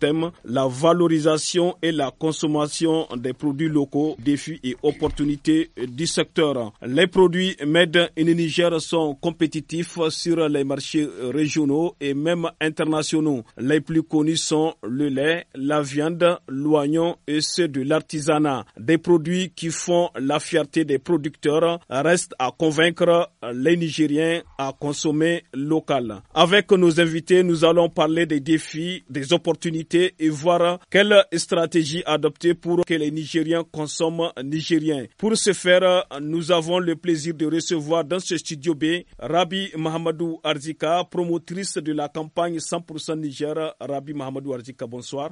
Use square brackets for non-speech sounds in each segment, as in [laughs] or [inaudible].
thème la valorisation et la consommation des produits locaux, défis et opportunités du secteur. Les produits MED et Niger sont compétitifs sur les marchés régionaux et même internationaux. Les plus connus sont le lait, la viande, l'oignon et ceux de l'artisanat. Des produits qui font la fierté des producteurs restent à convaincre les Nigériens à consommer local. Avec nos invités, nous allons parler des défis, des opportunités et voir quelle stratégie adopter pour que les Nigériens consomment nigériens. Pour ce faire, nous avons le plaisir de recevoir dans ce studio B Rabi Mahamadou Arzika, promotrice de la campagne 100% Niger. Rabi Mahamadou Arzika, Bonsoir.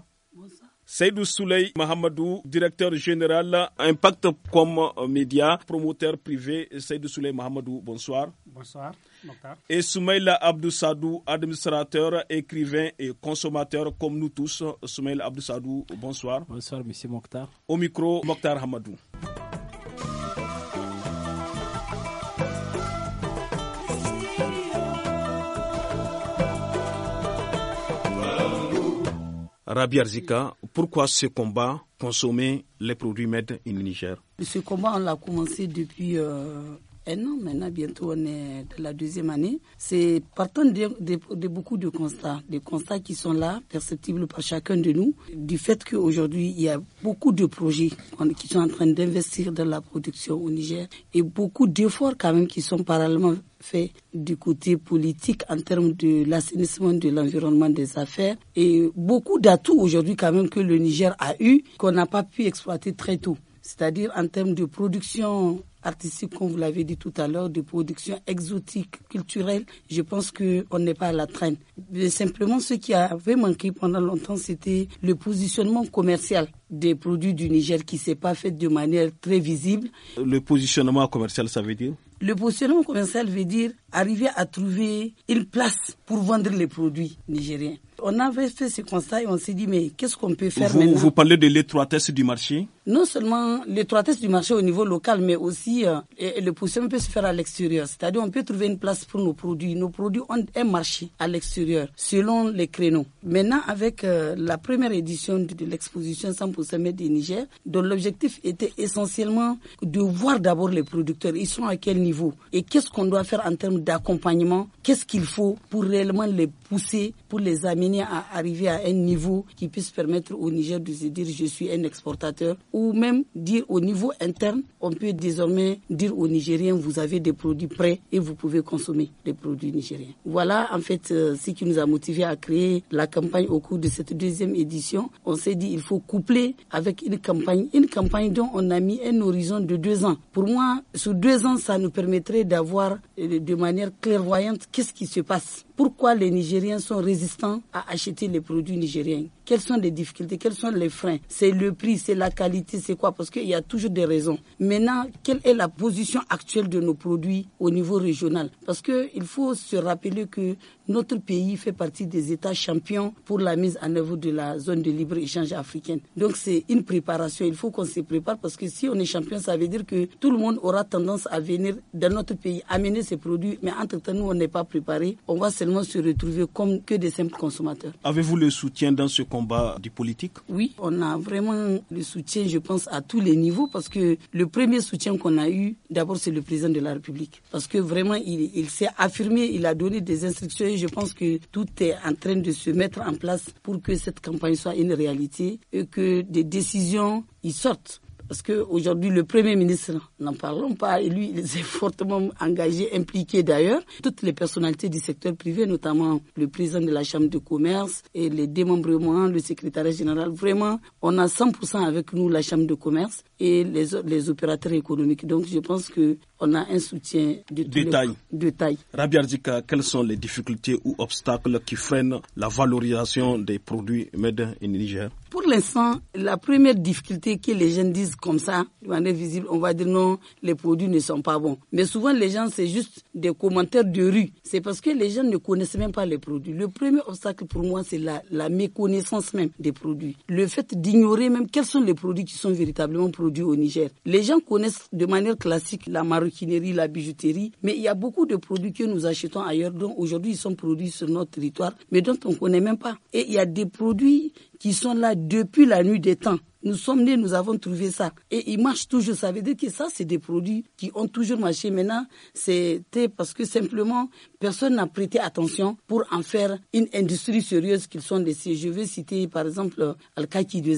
Seydou Souley Mahamadou, directeur général Impact comme média, promoteur privé. Seydou Souley Mahamadou, bonsoir. Bonsoir, Mokhtar. Et Soumaïla Abdou Sadou, administrateur, écrivain et consommateur comme nous tous. Soumaïla Abdou bonsoir. Bonsoir, monsieur Mokhtar. Au micro, Mokhtar Hamadou. Rabi Arzika, pourquoi ce combat consommer les produits made in Niger Ce combat, on l'a commencé depuis euh, maintenant, bientôt on est de la deuxième année. C'est partant de, beaucoup de constats, des constats qui sont là, perceptibles par chacun de nous, du fait qu'aujourd'hui il y a beaucoup de projets qui sont en train d'investir dans la production au Niger et beaucoup d'efforts quand même qui sont parallèlement faits du côté politique en termes de l'assainissement de l'environnement des affaires et beaucoup d'atouts aujourd'hui quand même que le Niger a eu qu'on n'a pas pu exploiter très tôt. C'est-à-dire en termes de production artistique, comme vous l'avez dit tout à l'heure, de production exotique, culturelle, je pense qu'on n'est pas à la traîne. simplement, ce qui avait manqué pendant longtemps, c'était le positionnement commercial des produits du Niger qui ne s'est pas fait de manière très visible. Le positionnement commercial, ça veut dire Le positionnement commercial veut dire arriver à trouver une place pour vendre les produits nigériens. On avait fait ce constat et on s'est dit, mais qu'est-ce qu'on peut faire maintenant Vous parlez de l'étroitesse du marché Non seulement l'étroitesse du marché au niveau local, mais aussi euh, le poussement peut se faire à l'extérieur. C'est-à-dire, on peut trouver une place pour nos produits. Nos produits ont un marché à l'extérieur, selon les créneaux. Maintenant, avec euh, la première édition de l'exposition 100% Made Niger, dont l'objectif était essentiellement de voir d'abord les producteurs. Ils sont à quel niveau Et qu'est-ce qu'on doit faire en termes d'accompagnement, qu'est-ce qu'il faut pour réellement les pousser pour les amener à arriver à un niveau qui puisse permettre au Niger de se dire je suis un exportateur ou même dire au niveau interne, on peut désormais dire aux Nigériens vous avez des produits prêts et vous pouvez consommer des produits nigériens. Voilà en fait euh, ce qui nous a motivé à créer la campagne au cours de cette deuxième édition. On s'est dit il faut coupler avec une campagne, une campagne dont on a mis un horizon de deux ans. Pour moi, sur deux ans, ça nous permettrait d'avoir euh, de manière clairvoyante qu'est-ce qui se passe pourquoi les Nigériens sont résistants à acheter les produits nigériens quelles sont les difficultés Quels sont les freins C'est le prix, c'est la qualité, c'est quoi Parce qu'il y a toujours des raisons. Maintenant, quelle est la position actuelle de nos produits au niveau régional Parce qu'il faut se rappeler que notre pays fait partie des États champions pour la mise en œuvre de la zone de libre-échange africaine. Donc c'est une préparation, il faut qu'on se prépare parce que si on est champion, ça veut dire que tout le monde aura tendance à venir dans notre pays, amener ses produits, mais entre-temps, nous, on n'est pas préparé. On va seulement se retrouver comme que des simples consommateurs. Avez-vous le soutien dans ce contexte oui, on a vraiment le soutien, je pense, à tous les niveaux parce que le premier soutien qu'on a eu, d'abord, c'est le président de la République. Parce que vraiment, il, il s'est affirmé, il a donné des instructions et je pense que tout est en train de se mettre en place pour que cette campagne soit une réalité et que des décisions y sortent parce qu'aujourd'hui, le Premier ministre, n'en parlons pas, et lui, il est fortement engagé, impliqué d'ailleurs. Toutes les personnalités du secteur privé, notamment le président de la Chambre de commerce et les démembrements, le secrétaire général, vraiment, on a 100% avec nous la Chambre de commerce et les, les opérateurs économiques. Donc, je pense qu'on a un soutien de, de taille. De taille. Rabia Ardika, quelles sont les difficultés ou obstacles qui freinent la valorisation des produits made in Niger pour l'instant, la première difficulté que les jeunes disent comme ça, de manière visible, on va dire non, les produits ne sont pas bons. Mais souvent, les gens, c'est juste des commentaires de rue. C'est parce que les gens ne connaissent même pas les produits. Le premier obstacle pour moi, c'est la, la méconnaissance même des produits. Le fait d'ignorer même quels sont les produits qui sont véritablement produits au Niger. Les gens connaissent de manière classique la maroquinerie, la bijouterie, mais il y a beaucoup de produits que nous achetons ailleurs dont aujourd'hui ils sont produits sur notre territoire, mais dont on ne connaît même pas. Et il y a des produits qui sont là depuis la nuit des temps. Nous sommes nés, nous avons trouvé ça. Et ils marchent toujours. Ça veut dire que ça, c'est des produits qui ont toujours marché. Maintenant, c'était parce que simplement, personne n'a prêté attention pour en faire une industrie sérieuse qu'ils sont laissés. Je vais citer, par exemple, Al-Kaki de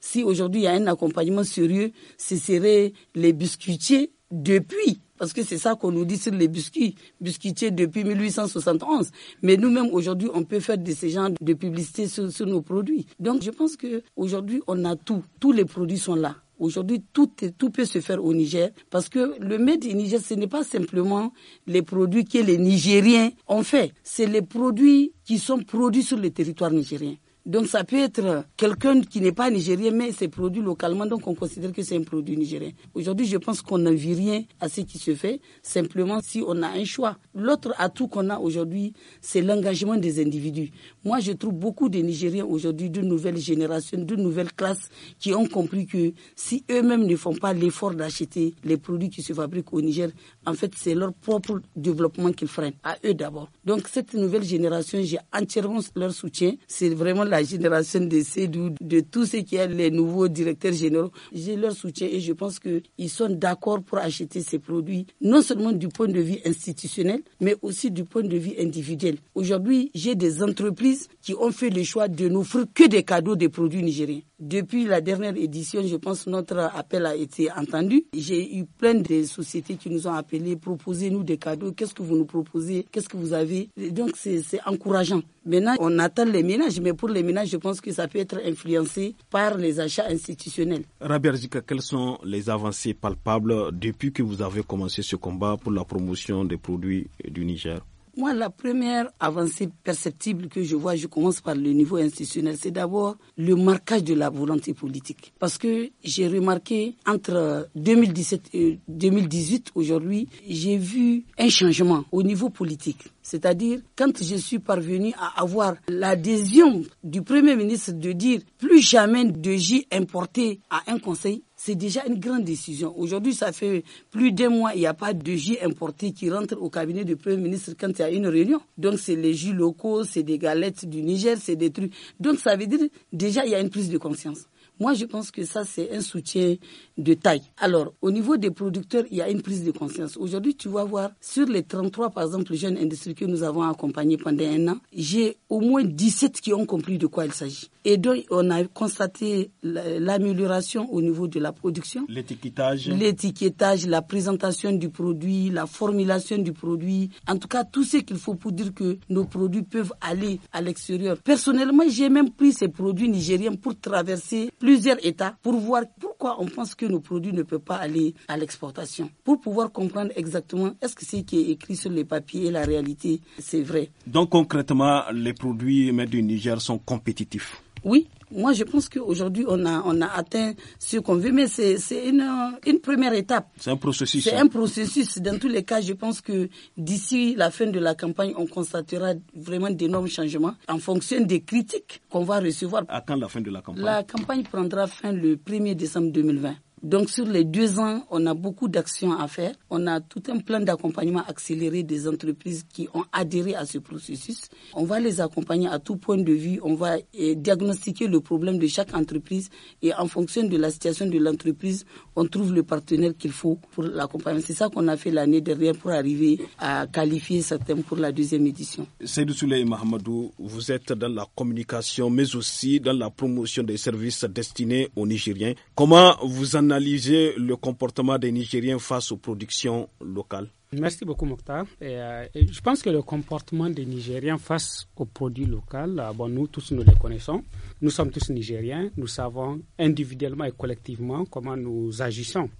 Si aujourd'hui, il y a un accompagnement sérieux, ce serait les biscuitiers depuis parce que c'est ça qu'on nous dit sur les biscuits, biscuitiers depuis 1871. Mais nous-mêmes, aujourd'hui, on peut faire de ce genre de publicité sur, nos produits. Donc, je pense qu'aujourd'hui, on a tout. Tous les produits sont là. Aujourd'hui, tout, peut se faire au Niger parce que le Made in Niger, ce n'est pas simplement les produits que les Nigériens ont fait. C'est les produits qui sont produits sur le territoire nigérien. Donc ça peut être quelqu'un qui n'est pas nigérien, mais c'est produit localement, donc on considère que c'est un produit nigérien. Aujourd'hui, je pense qu'on n'en vit rien à ce qui se fait, simplement si on a un choix. L'autre atout qu'on a aujourd'hui, c'est l'engagement des individus. Moi, je trouve beaucoup de Nigériens aujourd'hui, de nouvelles générations, de nouvelles classes, qui ont compris que si eux-mêmes ne font pas l'effort d'acheter les produits qui se fabriquent au Niger, en fait, c'est leur propre développement qu'ils freinent, à eux d'abord. Donc cette nouvelle génération, j'ai entièrement leur soutien. C'est vraiment la la génération de Cédou, de tous ceux qui est les nouveaux directeurs généraux, j'ai leur soutien et je pense qu'ils sont d'accord pour acheter ces produits, non seulement du point de vue institutionnel, mais aussi du point de vue individuel. Aujourd'hui, j'ai des entreprises qui ont fait le choix de n'offrir que des cadeaux des produits nigériens. Depuis la dernière édition, je pense que notre appel a été entendu. J'ai eu plein de sociétés qui nous ont appelé proposer nous des cadeaux, qu'est-ce que vous nous proposez, qu'est-ce que vous avez. donc c'est encourageant. Maintenant, on attend les ménages, mais pour les ménages, je pense que ça peut être influencé par les achats institutionnels. Rabia quelles sont les avancées palpables depuis que vous avez commencé ce combat pour la promotion des produits du Niger moi, la première avancée perceptible que je vois, je commence par le niveau institutionnel, c'est d'abord le marquage de la volonté politique. Parce que j'ai remarqué entre 2017 et 2018, aujourd'hui, j'ai vu un changement au niveau politique. C'est-à-dire, quand je suis parvenu à avoir l'adhésion du Premier ministre de dire plus jamais de J importé à un conseil, c'est déjà une grande décision. Aujourd'hui, ça fait plus d'un mois, il n'y a pas de jus importé qui rentre au cabinet du Premier ministre quand il y a une réunion. Donc, c'est les jus locaux, c'est des galettes du Niger, c'est des trucs. Donc, ça veut dire, déjà, il y a une prise de conscience. Moi, je pense que ça, c'est un soutien de taille. Alors, au niveau des producteurs, il y a une prise de conscience. Aujourd'hui, tu vas voir, sur les 33, par exemple, jeunes industries que nous avons accompagnés pendant un an, j'ai au moins 17 qui ont compris de quoi il s'agit. Et donc, on a constaté l'amélioration au niveau de la production. L'étiquetage. L'étiquetage, la présentation du produit, la formulation du produit. En tout cas, tout ce qu'il faut pour dire que nos produits peuvent aller à l'extérieur. Personnellement, j'ai même pris ces produits nigériens pour traverser plusieurs États pour voir pourquoi on pense que nos produits ne peuvent pas aller à l'exportation. Pour pouvoir comprendre exactement est-ce que ce qui est écrit sur les papiers et la réalité, c'est vrai. Donc, concrètement, les produits made du Niger sont compétitifs. Oui, moi je pense qu'aujourd'hui on a, on a atteint ce qu'on veut, mais c'est une, une, première étape. C'est un processus. C'est hein. un processus. Dans tous les cas, je pense que d'ici la fin de la campagne, on constatera vraiment d'énormes changements en fonction des critiques qu'on va recevoir. À quand la fin de la campagne La campagne prendra fin le 1er décembre 2020. Donc sur les deux ans, on a beaucoup d'actions à faire. On a tout un plan d'accompagnement accéléré des entreprises qui ont adhéré à ce processus. On va les accompagner à tout point de vue. On va eh, diagnostiquer le problème de chaque entreprise et en fonction de la situation de l'entreprise, on trouve le partenaire qu'il faut pour l'accompagnement. C'est ça qu'on a fait l'année dernière pour arriver à qualifier certains pour la deuxième édition. Seydou Souley Mahamadou, vous êtes dans la communication mais aussi dans la promotion des services destinés aux Nigériens. Comment vous en Analyser le comportement des Nigériens face aux productions locales Merci beaucoup, Mokhtar. Euh, je pense que le comportement des Nigériens face aux produits locaux, euh, bon, nous tous, nous les connaissons. Nous sommes tous Nigériens. Nous savons individuellement et collectivement comment nous agissons.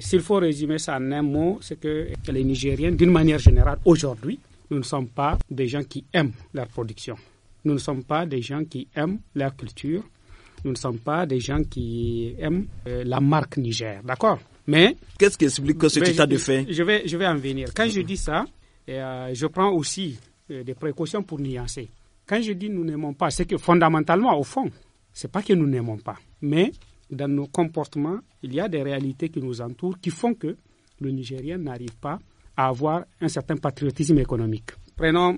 S'il faut résumer ça en un mot, c'est que les Nigériens, d'une manière générale, aujourd'hui, nous ne sommes pas des gens qui aiment leur production. Nous ne sommes pas des gens qui aiment leur culture. Nous ne sommes pas des gens qui aiment euh, la marque Niger, d'accord Mais... Qu'est-ce qui explique que cet état de fait je vais, en venir. Quand je dis ça, euh, je prends aussi euh, des précautions pour nuancer. Quand je dis nous n'aimons pas, c'est que fondamentalement, au fond, c'est pas que nous n'aimons pas, mais dans nos comportements, il y a des réalités qui nous entourent qui font que le Nigérien n'arrive pas à avoir un certain patriotisme économique. Prenons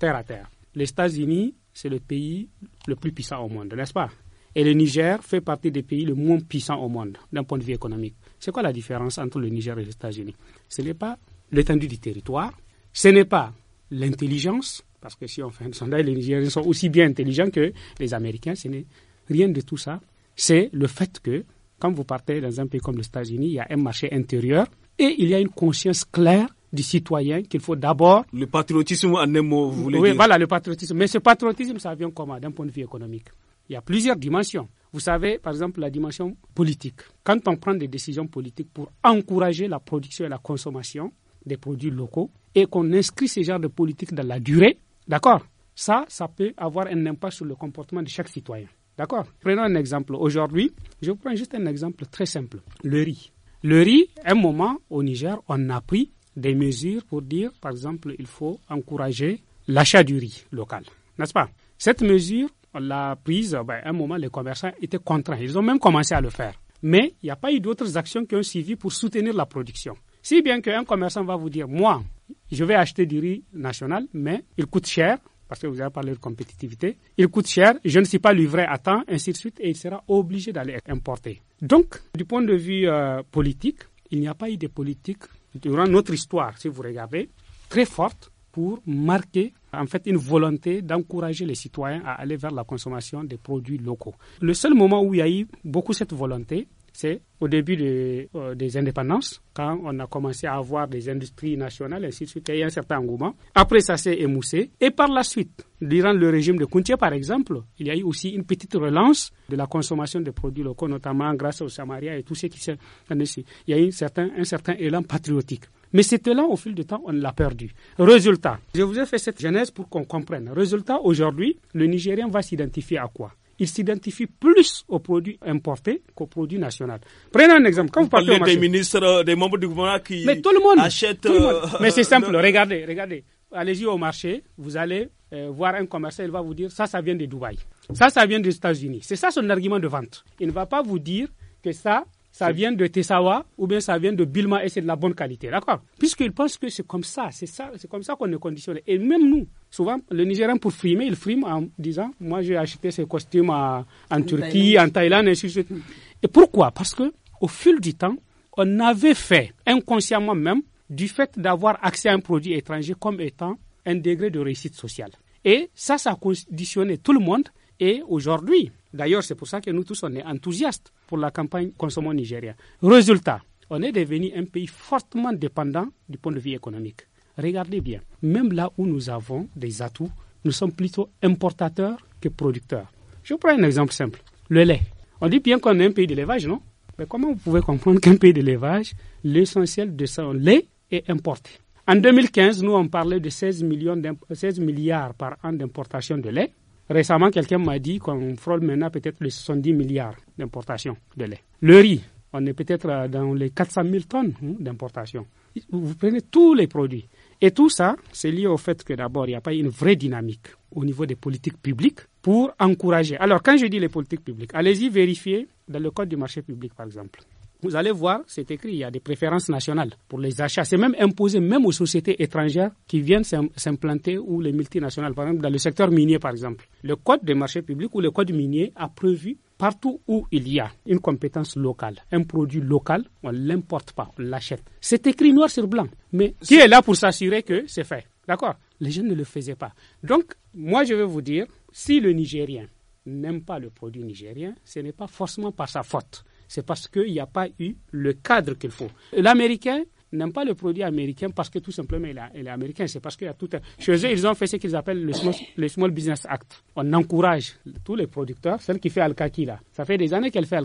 terre à terre. Les États-Unis, c'est le pays le plus puissant au monde, n'est-ce pas et le Niger fait partie des pays les moins puissants au monde d'un point de vue économique. C'est quoi la différence entre le Niger et les États-Unis Ce n'est pas l'étendue du territoire, ce n'est pas l'intelligence, parce que si on fait un sondage, les Nigériens sont aussi bien intelligents que les Américains, ce n'est rien de tout ça. C'est le fait que, quand vous partez dans un pays comme les États-Unis, il y a un marché intérieur et il y a une conscience claire du citoyen qu'il faut d'abord... Le patriotisme en un mot, vous voulez dire Oui, voilà, le patriotisme. Mais ce patriotisme, ça vient comment D'un point de vue économique. Il y a plusieurs dimensions. Vous savez, par exemple, la dimension politique. Quand on prend des décisions politiques pour encourager la production et la consommation des produits locaux et qu'on inscrit ce genre de politique dans la durée, d'accord Ça, ça peut avoir un impact sur le comportement de chaque citoyen. D'accord Prenons un exemple. Aujourd'hui, je vous prends juste un exemple très simple. Le riz. Le riz, à un moment, au Niger, on a pris des mesures pour dire, par exemple, il faut encourager l'achat du riz local. N'est-ce pas Cette mesure, l'a prise, ben, à un moment, les commerçants étaient contraints. Ils ont même commencé à le faire. Mais il n'y a pas eu d'autres actions qui ont suivi pour soutenir la production. Si bien qu'un commerçant va vous dire, moi, je vais acheter du riz national, mais il coûte cher, parce que vous avez parlé de compétitivité, il coûte cher, je ne suis pas livré à temps, ainsi de suite, et il sera obligé d'aller importer. Donc, du point de vue euh, politique, il n'y a pas eu de politique durant notre histoire, si vous regardez, très forte pour marquer en fait une volonté d'encourager les citoyens à aller vers la consommation des produits locaux. Le seul moment où il y a eu beaucoup cette volonté, c'est au début des euh, indépendances, quand on a commencé à avoir des industries nationales, ainsi de suite, eu un certain engouement. Après, ça s'est émoussé. Et par la suite, durant le régime de Kuntia, par exemple, il y a eu aussi une petite relance de la consommation des produits locaux, notamment grâce au Samaria et tout ce qui s'est... Il y a eu un certain, un certain élan patriotique. Mais c'est là, au fil du temps, on l'a perdu. Résultat, je vous ai fait cette genèse pour qu'on comprenne. Résultat, aujourd'hui, le Nigérien va s'identifier à quoi il s'identifie plus aux produits importés qu'aux produits nationaux. Prenez un exemple. Quand vous, partez au marché, des ministres, des membres du gouvernement qui mais tout le monde, achètent. Euh, mais c'est simple. Regardez, regardez. Allez-y au marché, vous allez euh, voir un commerçant, il va vous dire ça, ça vient de Dubaï, ça, ça vient des États-Unis. C'est ça son argument de vente. Il ne va pas vous dire que ça, ça vient de Tessawa ou bien ça vient de Bilma et c'est de la bonne qualité, d'accord Puisqu'ils pensent que c'est comme ça, c'est ça, c'est comme ça qu'on est conditionné. Et même nous, souvent, le Nigérian pour frimer, il frime en disant, moi j'ai acheté ces costumes en, Turquie, en Thaïlande, et ainsi de suite. Et pourquoi Parce que au fil du temps, on avait fait inconsciemment même du fait d'avoir accès à un produit étranger comme étant un degré de réussite sociale. Et ça, ça a conditionné tout le monde. Et aujourd'hui, D'ailleurs, c'est pour ça que nous tous, on est enthousiastes pour la campagne Consommons Nigeria. Résultat, on est devenu un pays fortement dépendant du point de vue économique. Regardez bien, même là où nous avons des atouts, nous sommes plutôt importateurs que producteurs. Je prends un exemple simple, le lait. On dit bien qu'on est un pays d'élevage, non Mais comment vous pouvez comprendre qu'un pays d'élevage, l'essentiel de son lait est importé En 2015, nous, on parlait de 16 milliards par an d'importation de lait. Récemment, quelqu'un m'a dit qu'on frôle maintenant peut-être les 70 milliards d'importations de lait. Le riz, on est peut-être euh, dans les 400 000 tonnes hein, d'importation. Vous prenez tous les produits. Et tout ça, c'est lié au fait que d'abord, il n'y a pas une vraie dynamique au niveau des politiques publiques pour encourager. Alors, quand je dis les politiques publiques, allez-y vérifier dans le code du marché public, par exemple. Vous allez voir, c'est écrit, il y a des préférences nationales pour les achats. C'est même imposé même aux sociétés étrangères qui viennent s'implanter ou les multinationales, par exemple dans le secteur minier par exemple. Le code des marchés publics ou le code minier a prévu partout où il y a une compétence locale, un produit local, on ne l'importe pas, on l'achète. C'est écrit noir sur blanc, mais qui est là pour s'assurer que c'est fait D'accord Les gens ne le faisaient pas. Donc, moi je vais vous dire, si le Nigérien n'aime pas le produit nigérien, ce n'est pas forcément par sa faute c'est parce qu'il n'y a pas eu le cadre qu'il faut. L'américain n'aime pas le produit américain parce que tout simplement il, est américain. C'est parce qu'il y a tout un... Chez eux, ils ont fait ce qu'ils appellent le small, Business Act. On encourage tous les producteurs, celle qui fait al là. Ça fait des années qu'elle fait al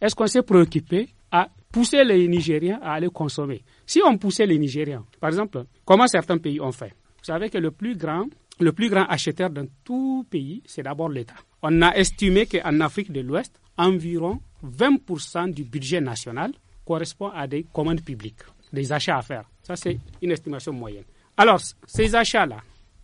Est-ce qu'on s'est préoccupé à pousser les Nigériens à aller consommer Si on poussait les Nigériens, par exemple, comment certains pays ont fait Vous savez que le plus grand, le plus grand acheteur dans tout pays, c'est d'abord l'État. On a estimé qu'en Afrique de l'Ouest, environ 20% du budget national correspond à des commandes publiques, des achats à faire. Ça, c'est une estimation moyenne. Alors, ces achats-là,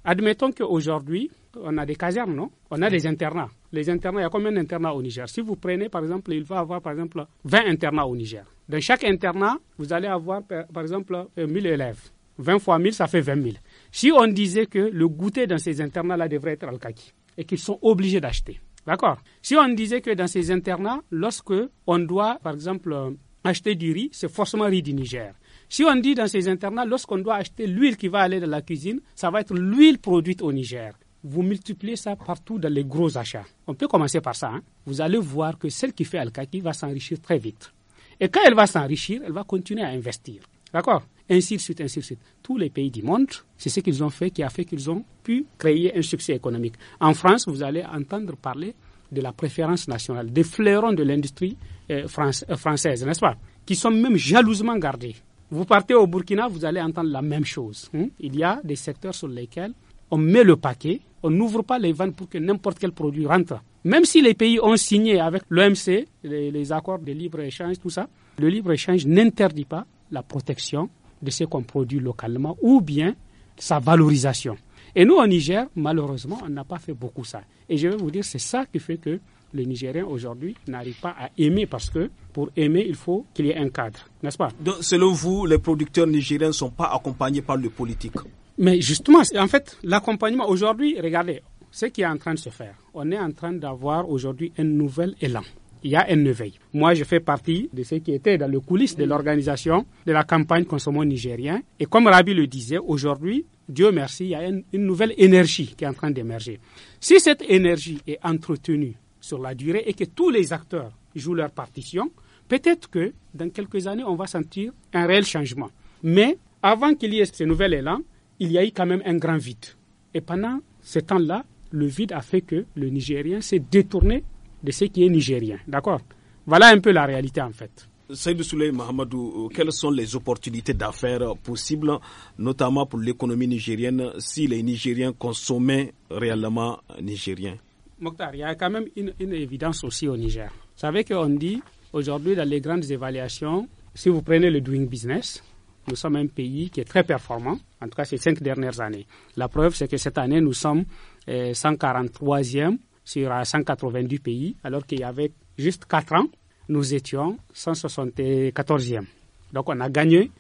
admettons qu'aujourd'hui, on a des casernes, non On a des internats. Les internats, il y a combien d'internats au Niger Si vous prenez, par exemple, il va avoir, par exemple, 20 internats au Niger. Dans chaque internat, vous allez avoir, par exemple, 1000 euh, élèves. 20 fois 1000, ça fait 20 000. Si on disait que le goûter dans ces internats-là devrait être al-kaki et qu'ils sont obligés d'acheter, D'accord Si on disait que dans ces internats, lorsque on doit, par exemple, euh, acheter du riz, c'est forcément riz du Niger. Si on dit dans ces internats, lorsqu'on doit acheter l'huile qui va aller dans la cuisine, ça va être l'huile produite au Niger. Vous multipliez ça partout dans les gros achats. On peut commencer par ça. Hein. Vous allez voir que celle qui fait Al-Kaki va s'enrichir très vite. Et quand elle va s'enrichir, elle va continuer à investir. D'accord ainsi de suite, ainsi de suite. Tous les pays du monde, c'est ce qu'ils ont fait qui a fait qu'ils ont pu créer un succès économique. En France, vous allez entendre parler de la préférence nationale, des fleurons de l'industrie euh, euh, française, n'est-ce pas Qui sont même jalousement gardés. Vous partez au Burkina, vous allez entendre la même chose. Hein. Il y a des secteurs sur lesquels on met le paquet, on n'ouvre pas les vannes pour que n'importe quel produit rentre. Même si les pays ont signé avec l'OMC les accords de libre-échange, tout ça, le libre-échange n'interdit pas la protection de ce qu'on produit localement ou bien sa valorisation. Et nous, au Niger, malheureusement, on n'a pas fait beaucoup ça. Et je vais vous dire, c'est ça qui fait que les Nigériens, aujourd'hui n'arrivent pas à aimer parce que pour aimer, il faut qu'il y ait un cadre, n'est-ce pas Donc, selon vous, les producteurs nigériens ne sont pas accompagnés par le politique Mais justement, en fait, l'accompagnement aujourd'hui, regardez, ce qui est en train de se faire, on est en train d'avoir aujourd'hui un nouvel élan il y a une veille. Moi, je fais partie de ceux qui étaient dans le coulisses de l'organisation de la campagne Consommons nigérien. Et comme Rabi le disait, aujourd'hui, Dieu merci, il y a une, une nouvelle énergie qui est en train d'émerger. Si cette énergie est entretenue sur la durée et que tous les acteurs jouent leur partition, peut-être que dans quelques années, on va sentir un réel changement. Mais avant qu'il y ait ce nouvel élan, il y a eu quand même un grand vide. Et pendant ce temps-là, le vide a fait que le Nigérien s'est détourné de ce qui est nigérien. D'accord Voilà un peu la réalité en fait. Saïd Souley Mahamadou, euh, quelles sont les opportunités d'affaires possibles, notamment pour l'économie nigérienne, si les Nigériens consommaient réellement nigérien Mokhtar, il y a quand même une, une évidence aussi au Niger. Vous savez qu'on dit aujourd'hui dans les grandes évaluations, si vous prenez le doing business, nous sommes un pays qui est très performant, en tout cas ces cinq dernières années. La preuve, c'est que cette année, nous sommes 143e euh, sur 190 pays, alors qu'il y avait juste 4 ans, nous étions 174e. Donc on a gagné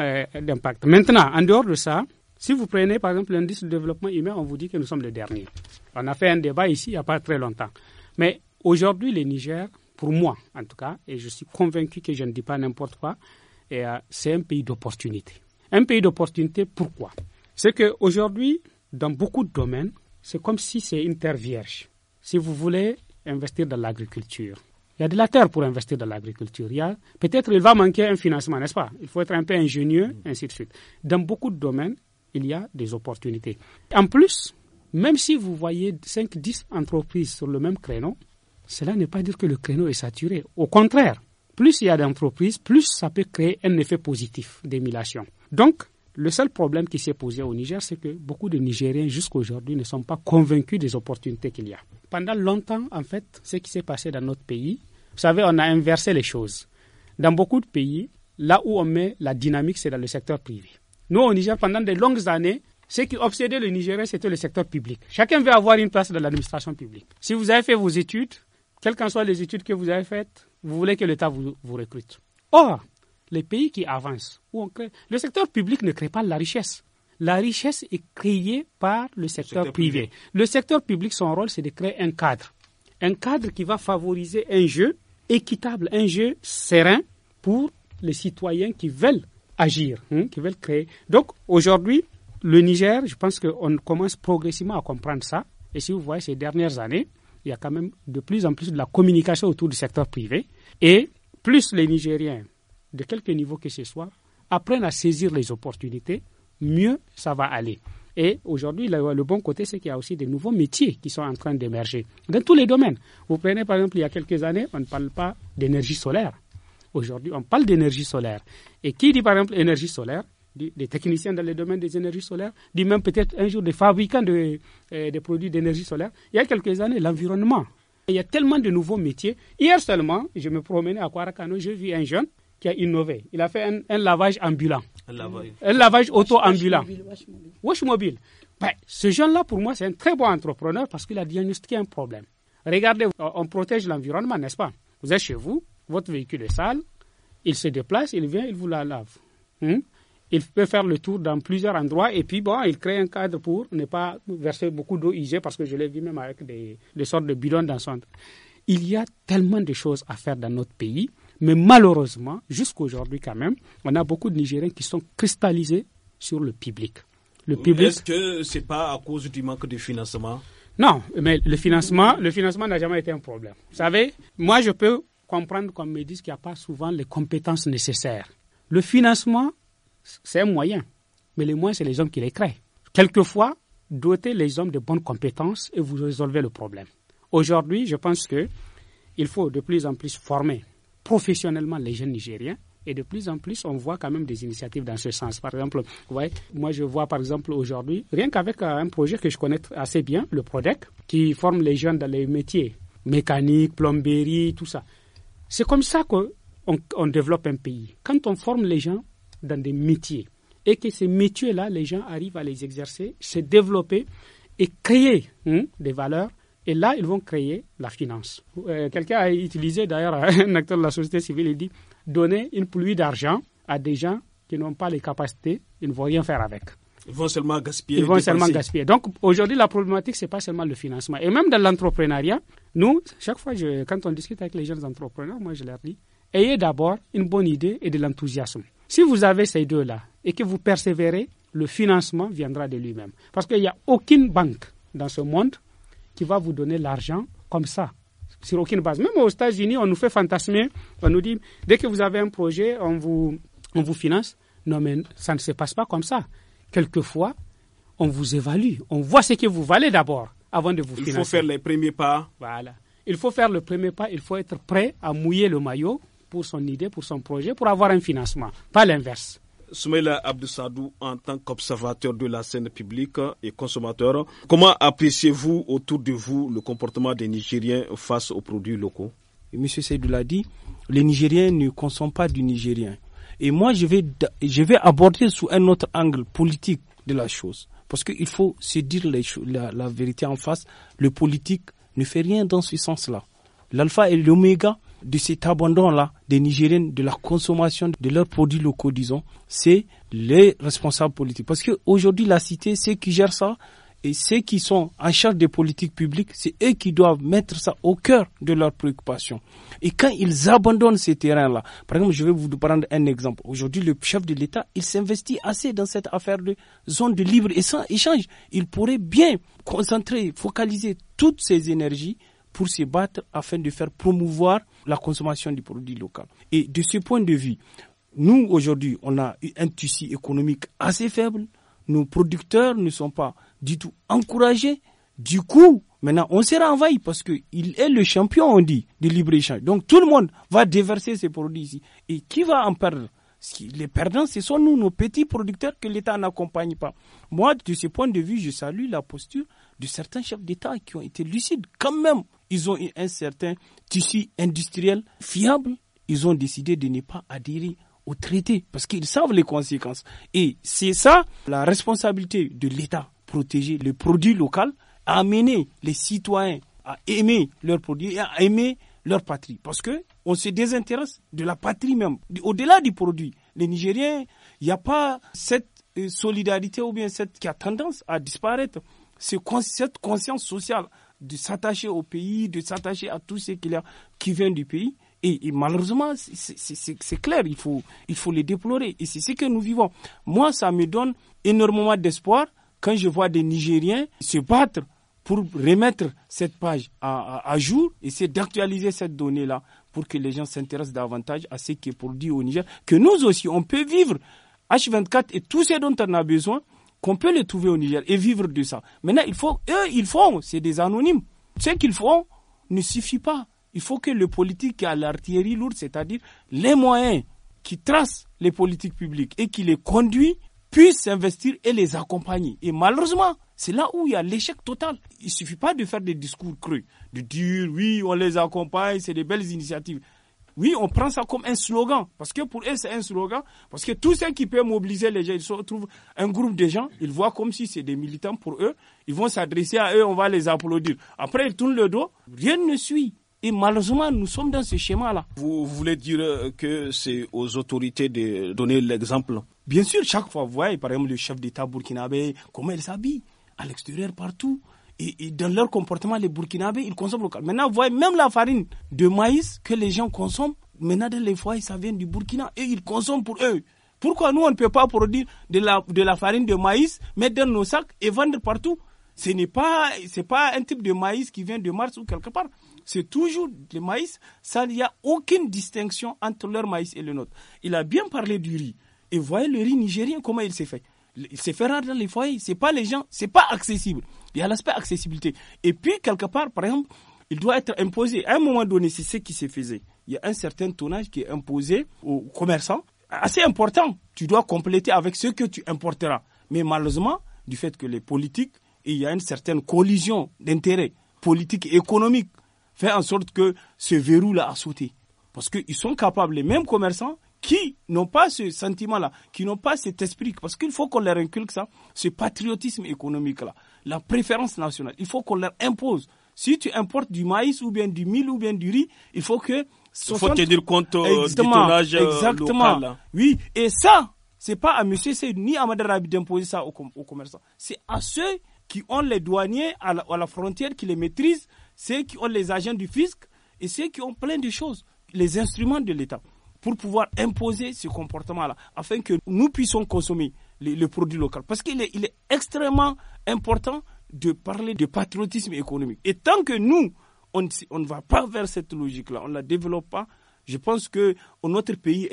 euh, euh, d'impact. Maintenant, en dehors de ça, si vous prenez par exemple l'indice de développement humain, on vous dit que nous sommes les derniers. On a fait un débat ici il n'y a pas très longtemps. Mais aujourd'hui, le Niger, pour moi en tout cas, et je suis convaincu que je ne dis pas n'importe quoi, euh, c'est un pays d'opportunité. Un pays d'opportunité, pourquoi C'est qu'aujourd'hui, dans beaucoup de domaines, c'est comme si c'est une terre vierge si vous voulez investir dans l'agriculture, il y a de la terre pour investir dans l'agriculture. peut-être il va manquer un financement, n'est-ce pas Il faut être un peu ingénieux, mm. ainsi de suite. Dans beaucoup de domaines, il y a des opportunités. En plus, même si vous voyez 5-10 entreprises sur le même créneau, cela ne veut pas dire que le créneau est saturé. Au contraire, plus il y a d'entreprises, plus ça peut créer un effet positif d'émulation. Donc, le seul problème qui s'est posé au Niger, c'est que beaucoup de Nigériens jusqu'à aujourd'hui ne sont pas convaincus des opportunités qu'il y a pendant longtemps, en fait, ce qui s'est passé dans notre pays, vous savez, on a inversé les choses. Dans beaucoup de pays, là où on met la dynamique, c'est dans le secteur privé. Nous, au Niger, pendant de longues années, ce qui obsédait le Nigérien, c'était le secteur public. Chacun veut avoir une place dans l'administration publique. Si vous avez fait vos études, quelles qu'en soient les études que vous avez faites, vous voulez que l'État vous, recrute. Or, les pays qui avancent, où le secteur public ne crée pas la richesse la richesse est créée par le secteur, privé. Le secteur public, son rôle, c'est de créer un cadre. Un cadre qui va favoriser un jeu équitable, un jeu serein pour les citoyens qui veulent agir, hein, qui veulent créer. Donc aujourd'hui, le Niger, je pense qu'on commence progressivement à comprendre ça. Et si vous voyez ces dernières années, il y a quand même de plus en plus de la communication autour du secteur privé. Et plus les Nigériens, de quelque niveau que ce soit, apprennent à saisir les opportunités, mieux ça va aller. Et aujourd'hui, le, bon côté, c'est qu'il y a aussi des nouveaux métiers qui sont en train d'émerger dans tous les domaines. Vous prenez par exemple, il y a quelques années, on ne parle pas d'énergie solaire. Aujourd'hui, on parle d'énergie solaire. Et qui dit par exemple énergie solaire des techniciens dans le domaine des énergies solaires, dit même peut-être un jour des fabricants de, euh, des produits d'énergie solaire. Il y a quelques années, l'environnement. Il y a tellement de nouveaux métiers. Hier seulement, je me promenais à Kwarakano, je vis un jeune qui a innové. Il a fait un, lavage ambulant. Un lavage, auto-ambulant. Wash mobile. Ben, ce jeune-là, pour moi, c'est un très bon entrepreneur parce qu'il a diagnostiqué un problème. Regardez, on protège l'environnement, n'est-ce pas Vous êtes chez vous, votre véhicule est sale, il se déplace, il vient, il vous la lave. Hmm? Il peut faire le tour dans plusieurs endroits et puis, bon, il crée un cadre pour ne pas verser beaucoup d'eau usée parce que je l'ai vu même avec des, des sortes de bidons dans son... Il y a tellement de choses à faire dans notre pays mais malheureusement, jusqu'aujourd'hui quand même, on a beaucoup de Nigériens qui sont cristallisés sur le public. Le Est-ce que c'est pas à cause du manque de financement Non, mais le financement, le financement n'a jamais été un problème. Vous savez, moi je peux comprendre qu'on me dise qu'il n'y a pas souvent les compétences nécessaires. Le financement, c'est un moyen, mais le moyen, c'est les hommes qui les créent. Quelquefois, doter les hommes de bonnes compétences et vous résolvez le problème. Aujourd'hui, je pense que il faut de plus en plus former professionnellement les jeunes nigériens. Et de plus en plus, on voit quand même des initiatives dans ce sens. Par exemple, vous voyez, moi je vois par exemple aujourd'hui, rien qu'avec euh, un projet que je connais assez bien, le PRODEC, qui forme les jeunes dans les métiers mécaniques, plomberie, tout ça. C'est comme ça qu'on on développe un pays. Quand on forme les gens dans des métiers et que ces métiers-là, les gens arrivent à les exercer, se développer et créer hein, des valeurs, et là, ils vont créer la finance. Euh, quelqu'un a utilisé d'ailleurs [laughs] un acteur de la société civile, il dit donner une pluie d'argent à des gens qui n'ont pas les capacités, ils ne vont rien faire avec. Ils vont seulement gaspiller. Ils vont seulement gaspiller. Donc aujourd'hui, la problématique, ce n'est pas seulement le financement. Et même dans l'entrepreneuriat, nous, chaque fois, je, quand on discute avec les jeunes entrepreneurs, moi je leur dis, ayez d'abord une bonne idée et de l'enthousiasme. Si vous avez ces deux-là et que vous persévérez, le financement viendra de lui-même. Parce qu'il n'y a aucune banque dans ce monde qui va vous donner l'argent comme ça, sur aucune base. Même aux États-Unis, on nous fait fantasmer, on nous dit, dès que vous avez un projet, on vous, finance. Non, mais ça ne se passe pas comme ça. Quelquefois, on vous évalue, on voit ce que vous valez d'abord avant de vous financer. Il faut faire les premiers pas. Voilà. Il faut faire le premier pas, il faut être prêt à mouiller le maillot pour son idée, pour son projet, pour avoir un financement, pas l'inverse. Soumaïla Abdusadou, en tant qu'observateur de la scène publique et consommateur, comment appréciez-vous autour de vous le comportement des Nigériens face aux produits locaux Monsieur Seydou l'a dit, les Nigériens ne consomment pas du Nigérien. Et moi, je vais, je vais aborder sous un autre angle politique de la chose. Parce qu'il faut se dire la vérité en face. Le politique ne fait rien dans ce sens-là. L'alpha et l'oméga, de cet abandon-là des Nigériens, de la consommation de leurs produits locaux, disons, c'est les responsables politiques. Parce qu'aujourd'hui, la cité, ceux qui gère ça, et ceux qui sont en charge des politiques publiques, c'est eux qui doivent mettre ça au cœur de leurs préoccupations. Et quand ils abandonnent ces terrains-là, par exemple, je vais vous prendre un exemple. Aujourd'hui, le chef de l'État, il s'investit assez dans cette affaire de zone de libre et sans échange. Il pourrait bien concentrer, focaliser toutes ses énergies pour se battre afin de faire promouvoir la consommation des produits local. Et de ce point de vue, nous, aujourd'hui, on a un tissu économique assez faible. Nos producteurs ne sont pas du tout encouragés. Du coup, maintenant, on se envahi parce qu'il est le champion, on dit, du libre-échange. Donc, tout le monde va déverser ses produits ici. Et qui va en perdre les perdants, ce sont nous, nos petits producteurs que l'État n'accompagne pas. Moi, de ce point de vue, je salue la posture de certains chefs d'État qui ont été lucides quand même ils ont un certain tissu industriel fiable, ils ont décidé de ne pas adhérer au traité parce qu'ils savent les conséquences. Et c'est ça la responsabilité de l'État, protéger le produit local, amener les citoyens à aimer leurs produits et à aimer leur patrie. Parce que on se désintéresse de la patrie même, au-delà du produit. Les Nigériens, il n'y a pas cette euh, solidarité ou bien cette qui a tendance à disparaître. cette conscience sociale de s'attacher au pays, de s'attacher à tout ce qu'il qui vient du pays. Et, malheureusement, c'est clair, il faut, il faut les déplorer. Et c'est ce que nous vivons. Moi, ça me donne énormément d'espoir quand je vois des Nigériens se battre pour remettre cette page à, jour et jour, essayer d'actualiser cette donnée-là pour que les gens s'intéressent davantage à ce qui est produit au Niger, que nous aussi, on peut vivre H24 et tout ce dont on a besoin qu'on peut les trouver au Niger et vivre de ça. Maintenant, il faut, eux, ils font, c'est des anonymes. Ce qu'ils font ne suffit pas. Il faut que le politique à l'artillerie lourde, c'est-à-dire les moyens qui tracent les politiques publiques et qui les conduit, puissent s'investir et les accompagner. Et malheureusement, c'est là où il y a l'échec total. Il suffit pas de faire des discours crus, de dire oui, on les accompagne, c'est des belles initiatives. Oui, on prend ça comme un slogan, parce que pour eux, c'est un slogan, parce que tout ce qui peut mobiliser les gens, ils se retrouvent un groupe de gens, ils voient comme si c'est des militants pour eux, ils vont s'adresser à eux, on va les applaudir. Après, ils tournent le dos, rien ne suit. Et malheureusement, nous sommes dans ce schéma-là. Vous voulez dire euh, que c'est aux autorités de donner l'exemple Bien sûr, chaque fois, vous voyez, par exemple, le chef d'État burkinabé, comment il s'habille, à l'extérieur, partout et, dans leur comportement, les Burkinabés, ils consomment local. Maintenant, vous voyez, même la farine de maïs que les gens consomment, maintenant dans les foyers, ça vient du Burkina et ils consomment pour eux. Pourquoi nous, on ne peut pas produire de la, de la farine de maïs, mettre dans nos sacs et vendre partout Ce n'est pas, pas un type de maïs qui vient de Mars ou quelque part. C'est toujours le maïs. Ça, il n'y a aucune distinction entre leur maïs et le nôtre. Il a bien parlé du riz. Et voyez le riz nigérien, comment il s'est fait. Il s'est fait rare dans les foyers. C'est pas les gens, c'est pas accessible. Il y a l'aspect accessibilité. Et puis, quelque part, par exemple, il doit être imposé. À un moment donné, c'est ce qui se faisait. Il y a un certain tonnage qui est imposé aux commerçants, assez important. Tu dois compléter avec ce que tu importeras. Mais malheureusement, du fait que les politiques, il y a une certaine collision d'intérêts politiques et économiques, fait en sorte que ce verrou-là a sauté. Parce qu'ils sont capables, les mêmes commerçants, qui n'ont pas ce sentiment-là, qui n'ont pas cet esprit, parce qu'il faut qu'on leur inculque ça, ce patriotisme économique-là la préférence nationale. Il faut qu'on leur impose. Si tu importes du maïs ou bien du mil ou bien du riz, il faut que... Il faut tenir compte euh, du tonnage euh, Exactement. Local. Oui, et ça, c'est pas à M. Seydou ni à Mme Rabi d'imposer ça aux, commerçants. C'est à ceux qui ont les douaniers à la, à la, frontière qui les maîtrisent, ceux qui ont les agents du fisc et ceux qui ont plein de choses, les instruments de l'État, pour pouvoir imposer ce comportement-là, afin que nous puissions consommer le produit local. Parce qu'il est, il est extrêmement important de parler de patriotisme économique. Et tant que nous, on, on ne va pas vers cette logique-là, on ne la développe pas, je pense que euh, notre pays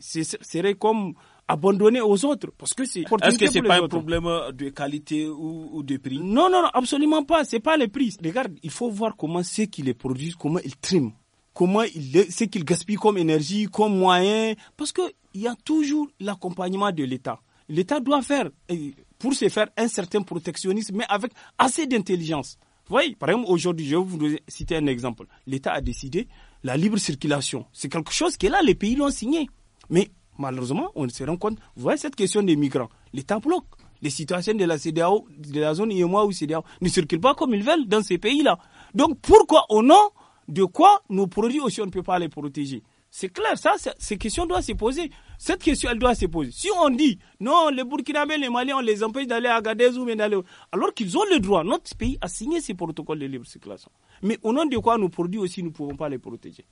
serait comme abandonné aux autres. Parce que c'est Est-ce que c'est pas un problème de qualité ou, de prix Non, non, absolument pas. C'est pas les prix. Regarde, il faut voir comment ceux qui les produisent, comment ils triment, comment ils, ce qu'ils gaspillent comme énergie, comme moyen. Parce qu'il y a toujours l'accompagnement de l'État l'État doit faire, eh, pour se faire, un certain protectionnisme, mais avec assez d'intelligence. voyez, par exemple, aujourd'hui, je vais vous citer un exemple. L'État a décidé la libre circulation. C'est quelque chose que là, les pays l'ont signé. Mais malheureusement, on se rend compte, vous voyez cette question des migrants, l'État bloque. Les citoyens de la CDAO, de la zone IMOA ou CDAO, ne circulent pas comme ils veulent dans ces pays-là. Donc pourquoi, au nom de quoi nos produits aussi, on ne peut pas les protéger C'est clair, ça, ces questions doivent se poser. Cette question, elle doit se poser. Si on dit, non, les Burkinabés, les Maliens, on les empêche d'aller à Agadez ou d'aller... Alors qu'ils ont le droit, notre pays à signer ces protocoles de libre circulation. Mais au nom de quoi nous produits aussi, nous ne pouvons pas les protéger.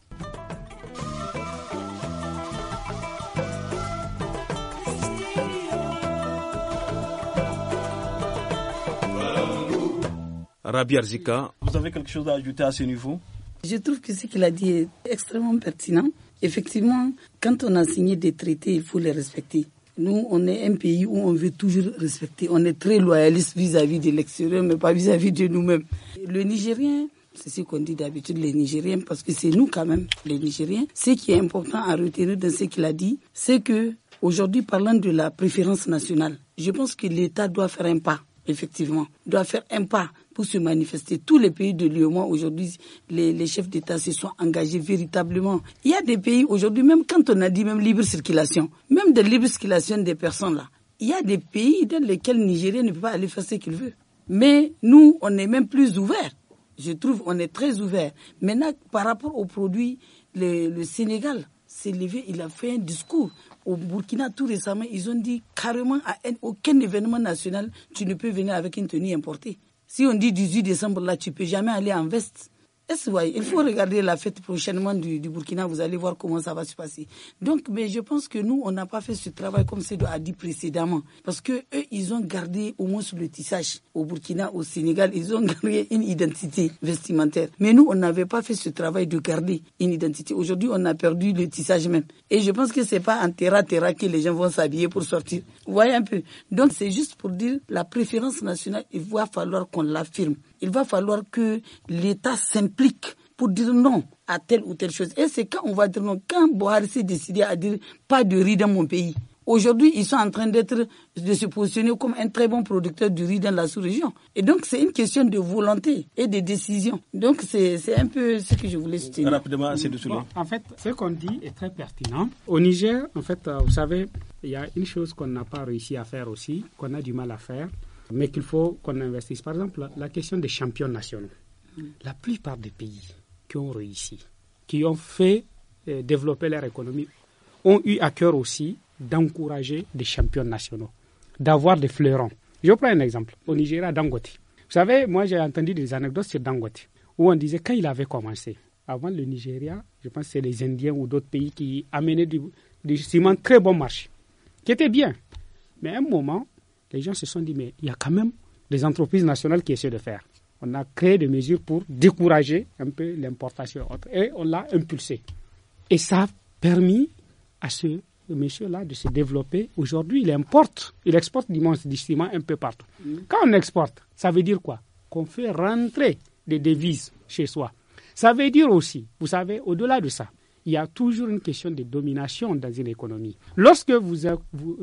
Rabi Arzika. Vous avez quelque chose à ajouter à ce niveau Je trouve que ce qu'il a dit est extrêmement pertinent. Effectivement, quand on a signé des traités, il faut les respecter. Nous, on est un pays où on veut toujours respecter. On est très loyaliste vis-à-vis de l'extérieur, mais pas vis-à-vis de nous-mêmes. Le Nigérien, c'est ce qu'on dit d'habitude les Nigériens, parce que c'est nous quand même, les Nigériens. Ce qui est important à retenir dans ce qu'il a dit, c'est que aujourd'hui, parlant de la préférence nationale, je pense que l'État doit faire un pas effectivement, doit faire un pas pour se manifester. Tous les pays de e moi aujourd'hui, les, chefs d'État se sont engagés véritablement. Il y a des pays aujourd'hui, même quand on a dit même libre circulation, même de libre circulation des personnes là, il y a des pays dans lesquels le ne peut pas aller faire ce qu'il veut. Mais nous, on est même plus ouverts. Je trouve on est très ouverts. Maintenant, par rapport aux produits, le Sénégal, s'est levé, il a fait un discours. Au Burkina, tout récemment, ils ont dit carrément à aucun événement national, tu ne peux venir avec une tenue importée. Si on dit 18 décembre, là, tu peux jamais aller en veste il faut regarder la fête prochainement du, Burkina, vous allez voir comment ça va se passer. Donc, mais je pense que nous, on n'a pas fait ce travail comme c'est a dit précédemment, parce que eux, ils ont gardé au moins sur le tissage au Burkina, au Sénégal, ils ont gardé une identité vestimentaire. Mais nous, on n'avait pas fait ce travail de garder une identité. Aujourd'hui, on a perdu le tissage même. Et je pense que c'est pas en terra terra que les gens vont s'habiller pour sortir. Vous voyez un peu. Donc, c'est juste pour dire la préférence nationale, il va falloir qu'on l'affirme il va falloir que l'État s'implique pour dire non à telle ou telle chose. Et c'est quand on va dire non, quand Buhari s'est décidé à dire pas de riz dans mon pays. Aujourd'hui, ils sont en train d'être, de se positionner comme un très bon producteur de riz dans la sous-région. Et donc, c'est une question de volonté et de décision. Donc, c'est un peu ce que je voulais soutenir. Rapidement, c'est de En fait, ce qu'on dit est très pertinent. Au Niger, en fait, euh, vous savez, il y a une chose qu'on n'a pas réussi à faire aussi, qu'on a du mal à faire, mais qu'il faut qu'on investisse. Par exemple, la question des champions nationaux. Mm. La plupart des pays qui ont réussi, qui ont fait euh, développer leur économie, ont eu à cœur aussi d'encourager des champions nationaux, d'avoir des fleurons. Je prends un exemple. Au Nigeria, Dangote. Vous savez, moi j'ai entendu des anecdotes sur Dangote, où on disait quand il avait commencé, avant le Nigeria, je pense que c'est les Indiens ou d'autres pays qui amenaient du, du ciment très bon marché, qui était bien. Mais à un moment, les gens se sont dit, mais il y a quand même des entreprises nationales qui essaient de faire. On a créé des mesures pour décourager un peu l'importation et on l'a impulsé. Et ça a permis à ce monsieur-là de se développer. Aujourd'hui, il importe, il exporte d'immenses ciment un peu partout. Mm. Quand on exporte, ça veut dire quoi Qu'on fait rentrer des devises chez soi. Ça veut dire aussi, vous savez, au-delà de ça, il y a toujours une question de domination dans une économie. Lorsque vous, vous,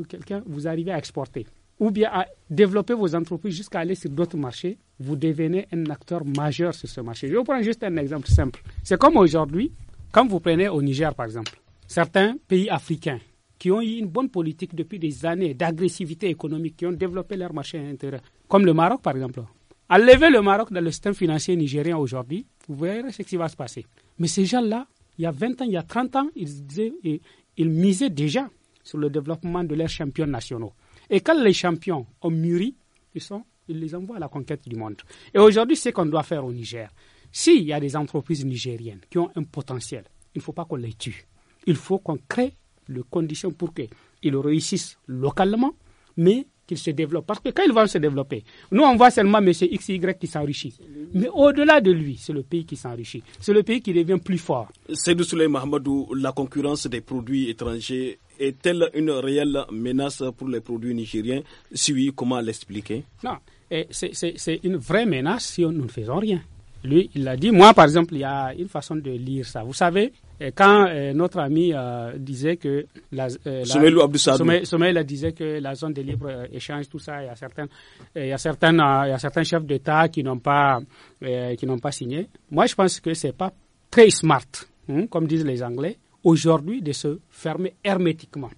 vous arrivez à exporter, ou bien à développer vos entreprises jusqu'à aller sur d'autres marchés, vous devenez un acteur majeur sur ce marché. Je vous prends juste un exemple simple. C'est comme aujourd'hui, quand vous prenez au Niger par exemple, certains pays africains qui ont eu une bonne politique depuis des années d'agressivité économique, qui ont développé leur marché intérieur, comme le Maroc par exemple. Enlevez le Maroc dans le système financier nigérien aujourd'hui, vous verrez ce qui va se passer. Mais ces gens-là, il y a 20 ans, il y a 30 ans, ils, ils misaient déjà sur le développement de leurs champions nationaux. Et quand les champions ont mûri, ils, sont, ils les envoient à la conquête du monde. Et aujourd'hui, c'est ce qu'on doit faire au Niger. S'il y a des entreprises nigériennes qui ont un potentiel, il ne faut pas qu'on les tue. Il faut qu'on crée les conditions pour qu'ils réussissent localement, mais qu'il se développe. Parce que quand ils vont se développer, nous, on voit seulement M. XY qui s'enrichit. Mais au-delà de lui, c'est le pays qui s'enrichit. C'est le pays qui devient plus fort. C'est de Souley Mohamedou, la concurrence des produits étrangers est-elle une réelle menace pour les produits nigériens Si oui, comment l'expliquer Non, c'est une vraie menace si nous ne faisons rien. Lui, il l'a dit, moi par exemple, il y a une façon de lire ça. Vous savez, quand euh, notre ami euh, disait que la, euh, disait que la zone de libre euh, échange, tout ça, il y a certains, il y a certains, il y a certains chefs d'État qui n'ont pas, qui n'ont pas signé. Moi, je pense que c'est pas très smart, hein, comme disent les Anglais, aujourd'hui de se fermer hermétiquement.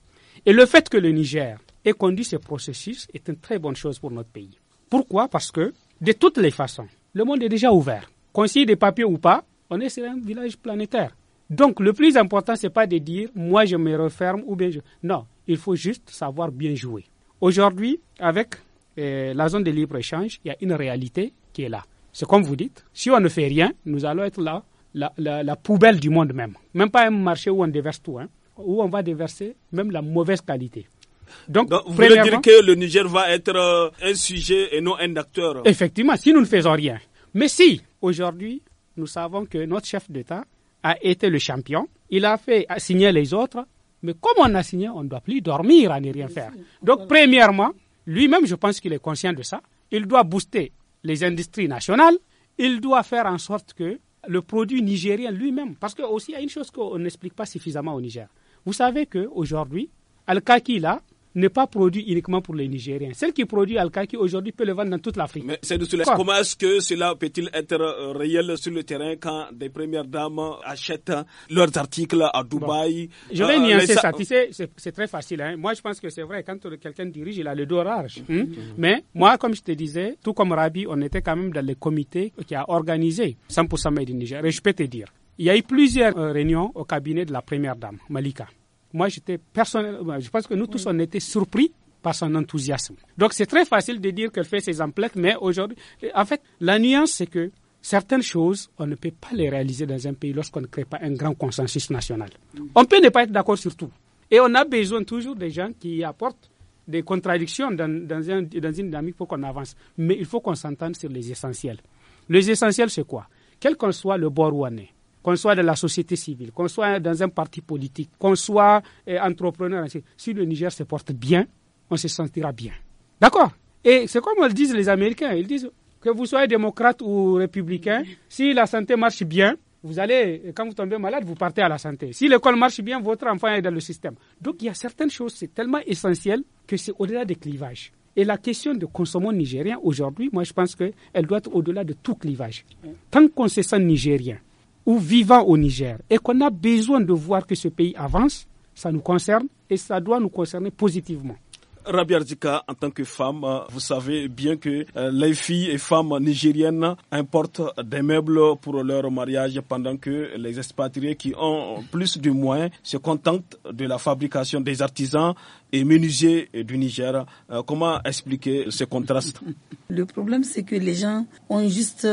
Et le fait que le Niger ait conduit ce processus est une très bonne chose pour notre pays. Pourquoi Parce que de toutes les façons, le monde est déjà ouvert. Qu'on signe des papiers ou pas, on est sur un village planétaire. Donc, le plus important, ce n'est pas de dire moi je me referme ou bien je. Non, il faut juste savoir bien jouer. Aujourd'hui, avec euh, la zone de libre-échange, il y a une réalité qui est là. C'est comme vous dites, si on ne fait rien, nous allons être là, la, poubelle du monde même. Même pas un marché où on déverse tout, hein, où on va déverser même la mauvaise qualité. Donc, vous voulez dire que le Niger va être euh, un sujet et non un acteur Effectivement, si nous ne faisons rien. Mais si, aujourd'hui, nous savons que notre chef d'État a été le champion. Il a fait signer les autres. Mais comme on a signé, on ne doit plus dormir à ne rien faire. Donc, premièrement, lui-même, je pense qu'il est conscient de ça. Il doit booster les industries nationales. Il doit faire en sorte que le produit nigérien lui-même, parce que il y a une chose qu'on n'explique pas suffisamment au Niger. Vous savez qu'aujourd'hui, Al-Kaki, n'est pas produit uniquement pour les Nigériens. Celle qui produit Al-Kaki aujourd'hui peut le vendre dans toute l'Afrique. Mais c'est Comment est-ce que cela peut-il être euh, réel sur le terrain quand des premières dames achètent leurs articles à Dubaï Je vais euh, ça. Tu sais, c'est très facile. Hein. Moi, je pense que c'est vrai. Quand quelqu'un dirige, il a le dos large. Hein. Mhm. Mais moi, comme je te disais, tout comme Rabi, on était quand même dans le comité qui a organisé 100% Made in Niger. Et je peux te dire, il y a eu plusieurs euh, réunions au cabinet de la première dame, Malika. Moi, j'étais personnellement, euh, je pense que nous tous, on était surpris par son enthousiasme. Donc, c'est très facile de dire qu'elle fait ses emplettes, mais aujourd'hui, en fait, la nuance, c'est que certaines choses, on ne peut pas les réaliser dans un pays lorsqu'on ne crée pas un grand consensus national. On peut ne pas être d'accord sur tout. Et on a besoin toujours des gens qui apportent des contradictions dans, dans, dans une dynamique pour qu'on avance. Mais il faut qu'on s'entende sur les essentiels. Les essentiels, c'est quoi Quel qu'en soit le bord où on qu'on soit de la société civile, qu'on soit dans un parti politique, qu'on soit euh, entrepreneur, si le Niger se porte bien, on se sentira bien. D'accord Et c'est comme le disent les Américains, ils disent que vous soyez démocrate ou républicain, si la santé marche bien, vous allez, quand vous tombez malade, vous partez à la santé. Si l'école marche bien, votre enfant est dans le système. Donc il y a certaines choses, c'est tellement essentiel que c'est au-delà des clivages. Et la question de consommation nigérien aujourd'hui, moi je pense qu'elle doit être au-delà de tout clivage. Tant qu'on se sent nigérien, ou vivant au Niger et qu'on a besoin de voir que ce pays avance, ça nous concerne et ça doit nous concerner positivement. Rabia Ardika, en tant que femme, vous savez bien que euh, les filles et femmes nigériennes importent des meubles pour leur mariage pendant que les expatriés qui ont plus de moins se contentent de la fabrication des artisans et menuisiers du Niger. Euh, comment expliquer ce contraste [laughs] Le problème, c'est que les gens ont juste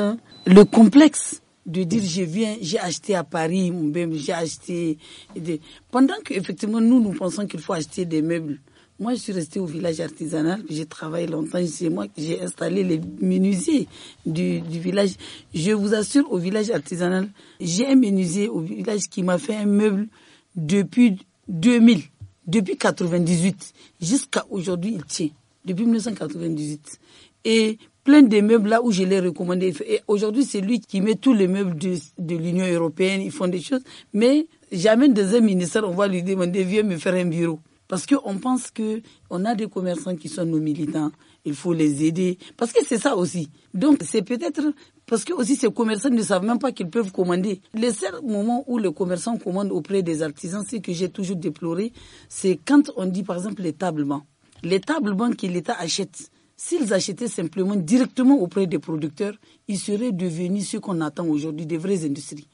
le complexe de dire je viens, j'ai acheté à Paris, mon j'ai acheté. Des... Pendant effectivement nous, nous pensons qu'il faut acheter des meubles. Moi, je suis restée au village artisanal, j'ai travaillé longtemps c'est moi, j'ai installé les menuisiers du, du, village. Je vous assure, au village artisanal, j'ai un menuisier au village qui m'a fait un meuble depuis 2000, depuis 98, jusqu'à aujourd'hui, il tient, depuis 1998. Et plein de meubles là où je l'ai recommandé. Et aujourd'hui, c'est lui qui met tous les meubles de, de l'Union européenne. Ils font des choses. Mais jamais des un ministère, on va lui demander, viens me faire un bureau. Parce qu'on pense que on a des commerçants qui sont nos militants. Il faut les aider. Parce que c'est ça aussi. Donc, c'est peut-être parce que aussi ces commerçants ne savent même pas qu'ils peuvent commander. Le seul moment où les commerçants commandent auprès des artisans, c'est que j'ai toujours déploré, c'est quand on dit par exemple les tablements. Les tablements que l'État achète, S'ils achetaient simplement directement auprès des producteurs, ils seraient devenus ce qu'on attend aujourd'hui des vraies industries.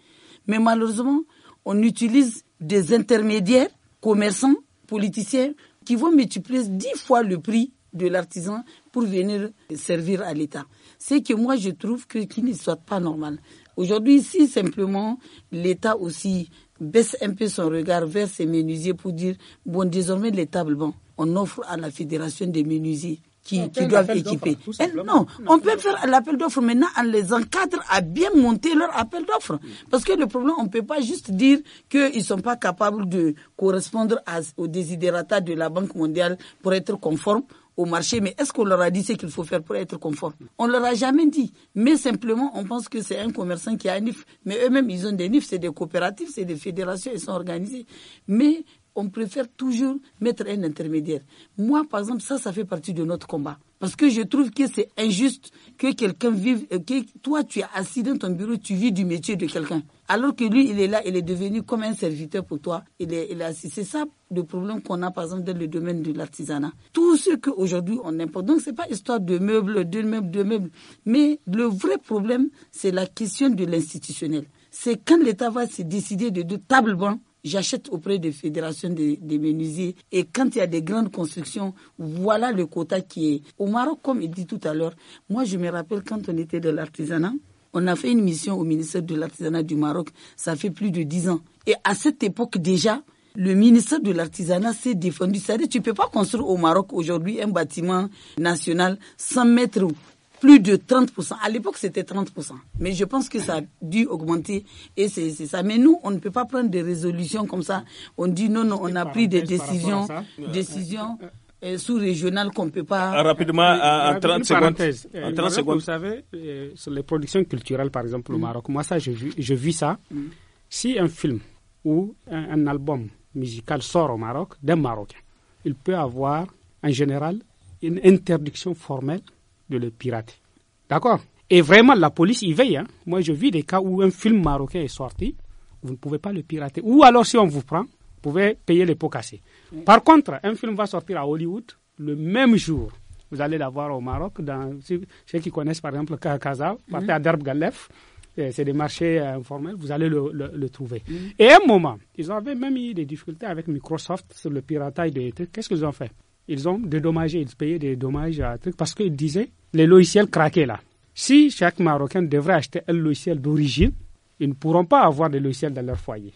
Mais malheureusement, on utilise des intermédiaires, commerçants, politiciens, qui vont multiplier dix fois le prix de l'artisan pour venir servir à l'État. C'est que moi, je trouve que qui ne soit pas normal. Aujourd'hui, si simplement l'État aussi baisse un peu son regard vers ses menuisiers pour dire, bon, désormais, les tables, bon, on offre à la Fédération des menuisiers qui, qui doivent équiper. Eh, non. on peut faire l'appel d'offres maintenant en les encadre à bien monter leur appel d'offres. Mm. Parce que le problème, on ne peut pas juste dire qu'ils ne sont pas capables de correspondre aux désidérata de la Banque mondiale pour être conformes au marché, mais est-ce qu'on leur a dit ce qu'il faut faire pour être conforme On leur a jamais dit. Mais simplement, on pense que c'est un commerçant qui a un NIF. Mais eux-mêmes, ils ont des NIF, c'est des coopératives, c'est des fédérations, ils sont organisés. Mais on préfère toujours mettre un intermédiaire. Moi, par exemple, ça, ça fait partie de notre combat. Parce que je trouve que c'est injuste que quelqu'un vive, euh, que toi, tu es assis dans ton bureau, tu vis du métier de quelqu'un. Alors que lui, il est là, il est devenu comme un serviteur pour toi. Il est, assis. C'est ça le problème qu'on a, par exemple, dans le domaine de l'artisanat. Tout ce qu'aujourd'hui on importe. Donc, c'est pas histoire de meubles, de meubles, de meubles. Mais le vrai problème, c'est la question de l'institutionnel. C'est quand l'État va se décider de deux tables j'achète auprès des fédérations des, menuisiers. Et quand il y a des grandes constructions, voilà le quota qui est. Au Maroc, comme il dit tout à l'heure, moi je me rappelle quand on était de l'artisanat, on a fait une mission au ministère de l'artisanat du Maroc, ça fait plus de dix ans. Et à cette époque déjà, le ministère de l'artisanat s'est défendu. C'est-à-dire, tu ne peux pas construire au Maroc aujourd'hui un bâtiment national sans mettre plus de 30%. À l'époque, c'était 30%. Mais je pense que ça a dû augmenter et c'est ça. Mais nous, on ne peut pas prendre des résolutions comme ça. On dit non, non, on a pris des décisions, décisions euh, sous-régionales qu'on ne peut pas... Ah, rapidement, euh, en 30 euh, secondes. Vous savez, sur les productions culturelles, par exemple, au mm. Maroc, moi, ça, je, vis ça. Mm. Si un film ou un, un album musical sort au Maroc, d'un Marocain, il peut avoir, en général, une interdiction formelle de le pirater. D'accord Et vraiment, la police y veille. Hein. Moi, je vis des cas où un film marocain est sorti, vous ne pouvez pas le pirater. Ou alors, si on vous prend, vous pouvez payer les pots cassés. Par contre, un film va sortir à Hollywood le même jour. Vous allez l'avoir au Maroc, dans, ceux qui connaissent par exemple Kaza, mhm. euh, c'est des marchés euh, informels, vous allez le, trouver. Mhm. Et à un moment, ils avaient même eu des difficultés avec Microsoft sur le piratage des Qu'est-ce qu'ils ont fait ils ont dédommagé, ils payaient des dommages à trucs parce qu'ils disaient les logiciels craquaient là. Si chaque Marocain devrait acheter un logiciel d'origine, ils ne pourront pas avoir de logiciels dans leur foyer.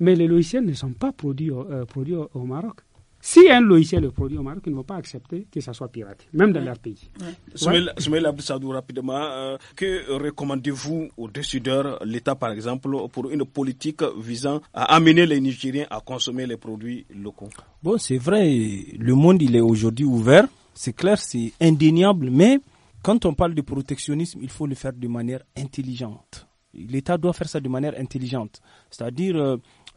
Mais les logiciels ne sont pas produits euh, produits au Maroc. Si un logiciel est produit au Maroc, ils ne vont pas accepter que ça soit piraté, même dans leur pays. Soumaïl ouais. rapidement, euh, que recommandez-vous aux décideurs, l'État par exemple, pour une politique visant à amener les Nigériens à consommer les produits locaux Bon, c'est vrai, le monde il est aujourd'hui ouvert, c'est clair, c'est indéniable, mais quand on parle de protectionnisme, il faut le faire de manière intelligente. L'État doit faire ça de manière intelligente, c'est-à-dire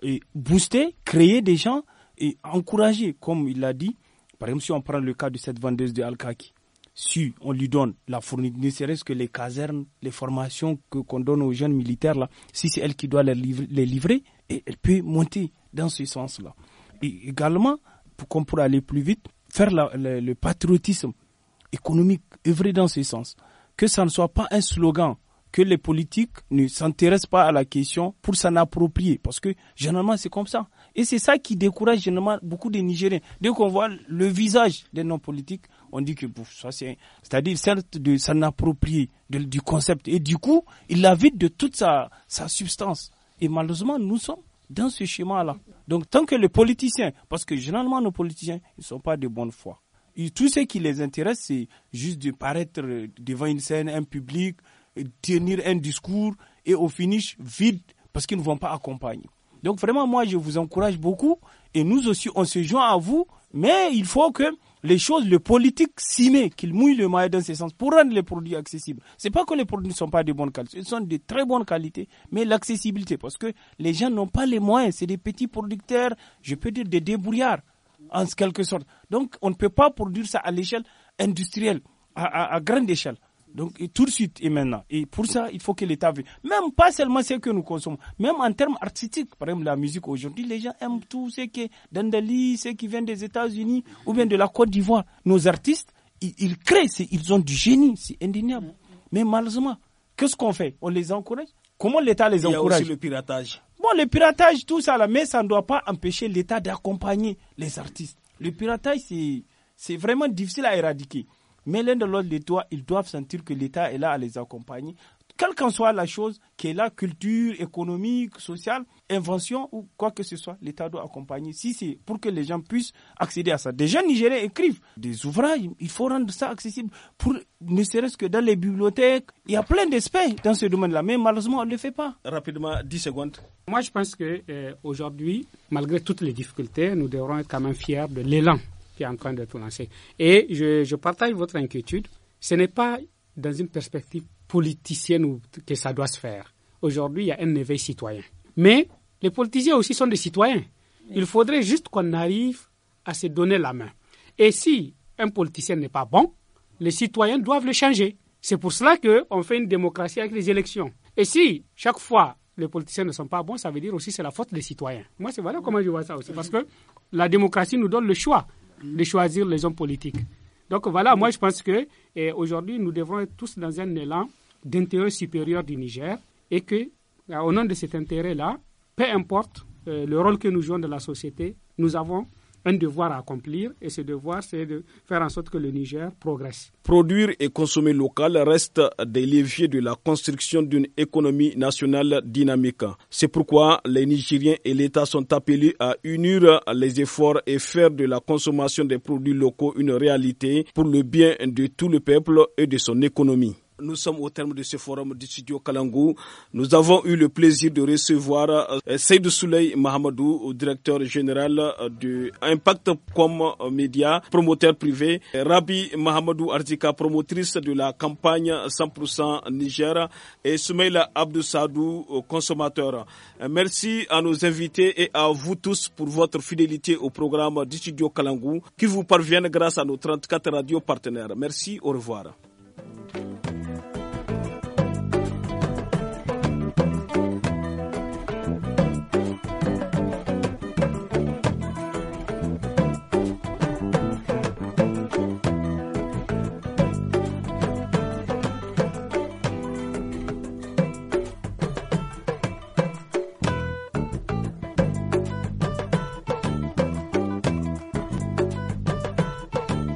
euh, booster, créer des gens et encourager, comme il l'a dit. Par exemple, si on prend le cas de cette vendeuse de Al-Khaki, si on lui donne la fourniture, ne serait-ce que les casernes, les formations que qu'on donne aux jeunes militaires, là, si c'est elle qui doit les livrer, et elle peut monter dans ce sens-là. Et également, pour qu'on pourra aller plus vite, faire le, le patriotisme économique, œuvrer dans ce sens. Que ça ne soit pas un slogan, que les politiques ne s'intéressent pas à la question pour s'en approprier. Parce que généralement, c'est comme ça. Et c'est ça qui décourage généralement beaucoup de Nigériens. Dès qu'on voit le visage des non-politiques, on dit que ça c'est, c'est-à-dire certes de s'en approprier du concept. Et du coup, il la vide de toute sa, substance. Et malheureusement, nous sommes dans ce schéma-là. Donc tant que les politiciens, parce que généralement nos politiciens, ils ne sont pas de bonne foi. tout ce qui les intéresse, c'est juste de paraître devant une scène, un public, tenir un discours et au finish vide parce qu'ils ne vont pas accompagner. Donc vraiment, moi, je vous encourage beaucoup et nous aussi, on se joint à vous, mais il faut que les choses, le politique s'y met, qu'il mouille le maillot dans ce sens pour rendre les produits accessibles. C'est pas que les produits ne sont pas de bonne qualité, ils sont de très bonne qualité, mais l'accessibilité, parce que les gens n'ont pas les moyens, c'est des petits producteurs, je peux dire des débrouillards, en quelque sorte. Donc, on ne peut pas produire ça à l'échelle industrielle, à grande échelle. Donc tout de suite et maintenant. Et pour ça, il faut que l'État vienne. Même pas seulement ce que nous consommons, même en termes artistiques. Par exemple, la musique aujourd'hui, les gens aiment tout ce qui est d'Andali, ce qui vient des États-Unis ou bien de la Côte d'Ivoire. Nos artistes, ils, créent, ils ont du génie, c'est indéniable. Mais malheureusement, qu'est-ce qu'on fait On les encourage Comment l'État les encourage Il y le piratage. Bon, le piratage, tout ça, là, mais ça ne doit pas empêcher l'État d'accompagner les artistes. Le piratage, c'est vraiment difficile à éradiquer. Mais l'un de l'autre, les ils doivent sentir que l'État est là à les accompagner. Quelle qu'en soit la chose, qui est là, culture, économique, sociale, invention ou quoi que ce soit, l'État doit accompagner. Si c'est pour que les gens puissent accéder à ça. Des jeunes Nigériens écrivent des ouvrages, il faut rendre ça accessible. Pour, ne serait-ce que dans les bibliothèques, il y a plein d'aspects dans ce domaine-là, mais malheureusement, on ne le fait pas. Rapidement, 10 secondes. Moi, je pense qu'aujourd'hui, aujourd'hui, malgré toutes les difficultés, nous devrons être quand même fiers de l'élan qui est en train d'être lancer. Et je, je partage votre inquiétude. Ce n'est pas dans une perspective politicienne que ça doit se faire. Aujourd'hui, il y a un éveil citoyen. Mais les politiciens aussi sont des citoyens. Il faudrait juste qu'on arrive à se donner la main. Et si un politicien n'est pas bon, les citoyens doivent le changer. C'est pour cela qu'on fait une démocratie avec les élections. Et si chaque fois les politiciens ne sont pas bons, ça veut dire aussi c'est la faute des citoyens. Moi, c'est voilà comment je vois ça aussi. Parce que la démocratie nous donne le choix de choisir les hommes politiques. Donc voilà, moi je pense que eh, aujourd'hui nous devons être tous dans un élan d'intérêt supérieur du Niger et que, eh, au nom de cet intérêt-là, peu importe eh, le rôle que nous jouons dans la société, nous avons un devoir à accomplir et ce devoir, c'est de faire en sorte que le Niger progresse. Produire et consommer local reste des leviers de la construction d'une économie nationale dynamique. C'est pourquoi les Nigériens et l'État sont appelés à unir les efforts et faire de la consommation des produits locaux une réalité pour le bien de tout le peuple et de son économie. Nous sommes au terme de ce forum du studio Kalangou. Nous avons eu le plaisir de recevoir euh, Seydou Souley Mahamadou, directeur général euh, de comme Media, promoteur privé, Rabi Mahamadou Artika, promotrice de la campagne 100% Niger, et Soumeila Abdou Sadou, euh, consommateur. Merci à nos invités et à vous tous pour votre fidélité au programme du studio Kalangou qui vous parviennent grâce à nos 34 radios partenaires. Merci, au revoir.